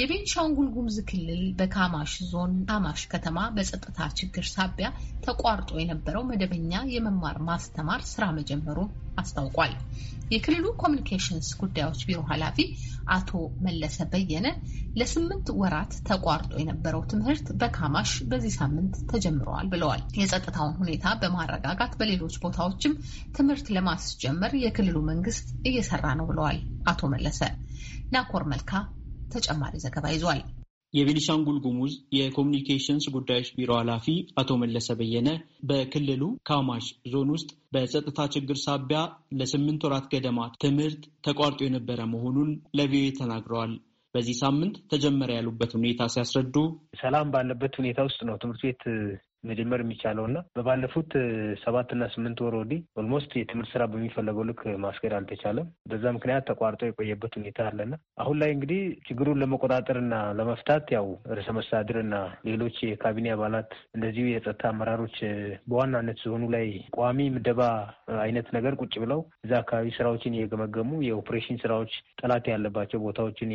የቤንሻንጉል ጉሙዝ ክልል በካማሽ ዞን ካማሽ ከተማ በጸጥታ ችግር ሳቢያ ተቋርጦ የነበረው መደበኛ የመማር ማስተማር ስራ መጀመሩን አስታውቋል። የክልሉ ኮሚኒኬሽንስ ጉዳዮች ቢሮ ኃላፊ አቶ መለሰ በየነ ለስምንት ወራት ተቋርጦ የነበረው ትምህርት በካማሽ በዚህ ሳምንት ተጀምረዋል ብለዋል። የጸጥታውን ሁኔታ በማረጋጋት በሌሎች ቦታዎችም ትምህርት ለማስጀመር የክልሉ መንግስት እየሰራ ነው ብለዋል አቶ መለሰ። ናኮር መልካ ተጨማሪ ዘገባ ይዟል። የቤኒሻንጉል ጉሙዝ የኮሚኒኬሽንስ ጉዳዮች ቢሮ ኃላፊ አቶ መለሰ በየነ በክልሉ ካማሽ ዞን ውስጥ በጸጥታ ችግር ሳቢያ ለስምንት ወራት ገደማ ትምህርት ተቋርጦ የነበረ መሆኑን ለቪኦኤ ተናግረዋል። በዚህ ሳምንት ተጀመረ ያሉበት ሁኔታ ሲያስረዱ ሰላም ባለበት ሁኔታ ውስጥ ነው ትምህርት ቤት መጀመር የሚቻለው እና በባለፉት ሰባት እና ስምንት ወር ወዲህ ኦልሞስት የትምህርት ስራ በሚፈለገው ልክ ማስገድ አልተቻለም። በዛ ምክንያት ተቋርጦ የቆየበት ሁኔታ አለና አሁን ላይ እንግዲህ ችግሩን ለመቆጣጠርና ለመፍታት ያው ርዕሰ መስተዳድርና ሌሎች የካቢኔ አባላት እንደዚሁ የጸጥታ አመራሮች በዋናነት ዞኑ ላይ ቋሚ ምደባ አይነት ነገር ቁጭ ብለው እዛ አካባቢ ስራዎችን እየገመገሙ የኦፕሬሽን ስራዎች ጠላት ያለባቸው ቦታዎችን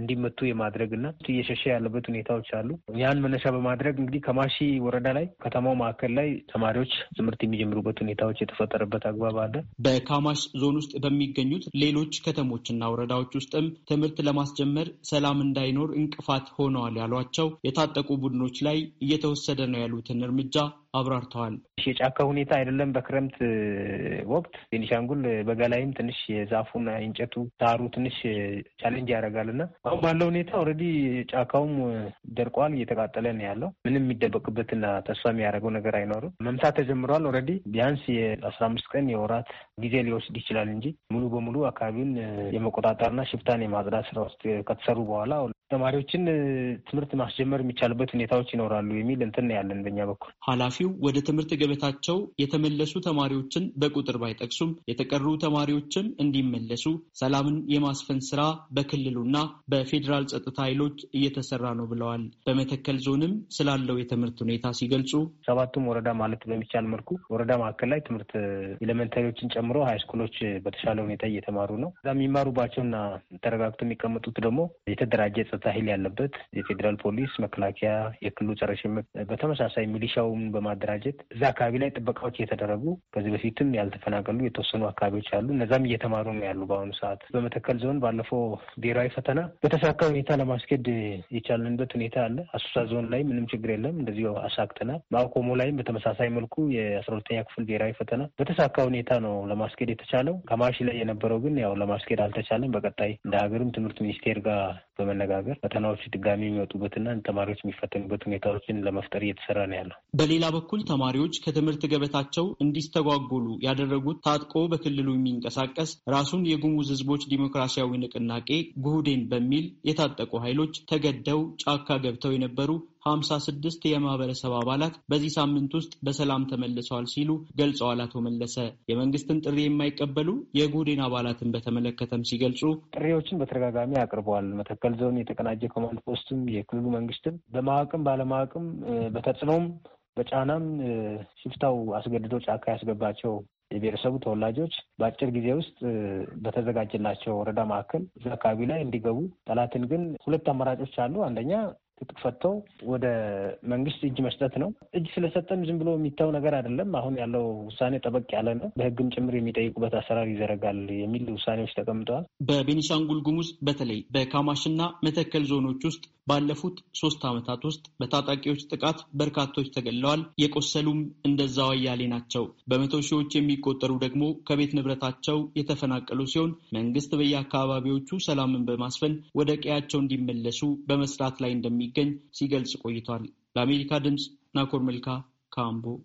እንዲመቱ የማድረግና እየሸሸ ያለበት ሁኔታዎች አሉ። ያን መነሻ በማድረግ እንግዲህ ከማሺ ወረዳ ላይ ላይ ከተማው ማዕከል ላይ ተማሪዎች ትምህርት የሚጀምሩበት ሁኔታዎች የተፈጠረበት አግባብ አለ። በካማሽ ዞን ውስጥ በሚገኙት ሌሎች ከተሞችና ወረዳዎች ውስጥም ትምህርት ለማስጀመር ሰላም እንዳይኖር እንቅፋት ሆነዋል ያሏቸው የታጠቁ ቡድኖች ላይ እየተወሰደ ነው ያሉትን እርምጃ አብራርተዋል። የጫካ ሁኔታ አይደለም። በክረምት ወቅት ቤኒሻንጉል በጋ ላይም ትንሽ የዛፉና እንጨቱ ሳሩ ትንሽ ቻሌንጅ ያደርጋል እና አሁን ባለው ሁኔታ ኦልሬዲ ጫካውም ደርቋል፣ እየተቃጠለ ነው ያለው። ምንም የሚደበቅበትና ተስፋ የሚያደርገው ነገር አይኖርም። መምታት ተጀምሯል። ኦልሬዲ ቢያንስ የአስራ አምስት ቀን የወራት ጊዜ ሊወስድ ይችላል እንጂ ሙሉ በሙሉ አካባቢውን የመቆጣጠርና ሽፍታን የማጽዳት ስራ ውስጥ ከተሰሩ በኋላ ተማሪዎችን ትምህርት ማስጀመር የሚቻልበት ሁኔታዎች ይኖራሉ የሚል እንትን ያለን በኛ በኩል። ኃላፊው ወደ ትምህርት ገበታቸው የተመለሱ ተማሪዎችን በቁጥር ባይጠቅሱም የተቀሩ ተማሪዎችም እንዲመለሱ ሰላምን የማስፈን ስራ በክልሉና በፌዴራል ጸጥታ ኃይሎች እየተሰራ ነው ብለዋል። በመተከል ዞንም ስላለው የትምህርት ሁኔታ ሲገልጹ ሰባቱም ወረዳ ማለት በሚቻል መልኩ ወረዳ መካከል ላይ ትምህርት ኤሌመንታሪዎችን ጨምሮ ሀይስኩሎች በተሻለ ሁኔታ እየተማሩ ነው። እዛ የሚማሩባቸውና ተረጋግተው የሚቀመጡት ደግሞ የተደራጀ የጸጥታ ኃይል ያለበት የፌዴራል ፖሊስ፣ መከላከያ፣ የክልሉ ጸረ ሽምቅ በተመሳሳይ ሚሊሻውን በማደራጀት እዛ አካባቢ ላይ ጥበቃዎች እየተደረጉ ከዚህ በፊትም ያልተፈናቀሉ የተወሰኑ አካባቢዎች አሉ። እነዛም እየተማሩ ነው ያሉ። በአሁኑ ሰዓት በመተከል ዞን ባለፈው ብሔራዊ ፈተና በተሳካ ሁኔታ ለማስኬድ የቻልንበት ሁኔታ አለ። አሶሳ ዞን ላይ ምንም ችግር የለም፣ እንደዚሁ አሳክተናል። ማኮሞ ላይም በተመሳሳይ መልኩ የአስራ ሁለተኛ ክፍል ብሔራዊ ፈተና በተሳካ ሁኔታ ነው ለማስኬድ የተቻለው። ከማሽ ላይ የነበረው ግን ያው ለማስኬድ አልተቻለም። በቀጣይ እንደ ሀገርም ትምህርት ሚኒስቴር ጋር በመነጋገር ነገር ፈተናዎች ድጋሚ የሚወጡበትና ተማሪዎች የሚፈተኑበት ሁኔታዎችን ለመፍጠር እየተሰራ ነው ያለው። በሌላ በኩል ተማሪዎች ከትምህርት ገበታቸው እንዲስተጓጎሉ ያደረጉት ታጥቆ በክልሉ የሚንቀሳቀስ ራሱን የጉሙዝ ህዝቦች ዲሞክራሲያዊ ንቅናቄ ጉህዴን በሚል የታጠቁ ኃይሎች ተገደው ጫካ ገብተው የነበሩ ሀምሳ ስድስት የማህበረሰብ አባላት በዚህ ሳምንት ውስጥ በሰላም ተመልሰዋል ሲሉ ገልጸዋል። አቶ መለሰ የመንግስትን ጥሪ የማይቀበሉ የጉዴን አባላትን በተመለከተም ሲገልጹ ጥሪዎችን በተደጋጋሚ አቅርበዋል። መተከል ዞን የተቀናጀ ኮማንድ ፖስትም የክልሉ መንግስትም በማወቅም ባለማወቅም በተጽዕኖም በጫናም ሽፍታው አስገድዶ ጫካ ያስገባቸው የብሔረሰቡ ተወላጆች በአጭር ጊዜ ውስጥ በተዘጋጀላቸው ወረዳ ማዕከል እዚ አካባቢ ላይ እንዲገቡ ጠላትን ግን ሁለት አማራጮች አሉ። አንደኛ ትጥቅ ፈተው ወደ መንግስት እጅ መስጠት ነው። እጅ ስለሰጠም ዝም ብሎ የሚታየው ነገር አይደለም። አሁን ያለው ውሳኔ ጠበቅ ያለ ነው። በህግም ጭምር የሚጠይቁበት አሰራር ይዘረጋል የሚል ውሳኔዎች ተቀምጠዋል። በቤኒሻንጉል ጉሙዝ በተለይ በካማሽና መተከል ዞኖች ውስጥ ባለፉት ሶስት ዓመታት ውስጥ በታጣቂዎች ጥቃት በርካቶች ተገለዋል። የቆሰሉም እንደዛው አያሌ ናቸው። በመቶ ሺዎች የሚቆጠሩ ደግሞ ከቤት ንብረታቸው የተፈናቀሉ ሲሆን መንግስት በየአካባቢዎቹ ሰላምን በማስፈን ወደ ቀያቸው እንዲመለሱ በመስራት ላይ እንደሚገኝ ሲገልጽ ቆይቷል። ለአሜሪካ ድምፅ ናኮር መልካ ካምቦ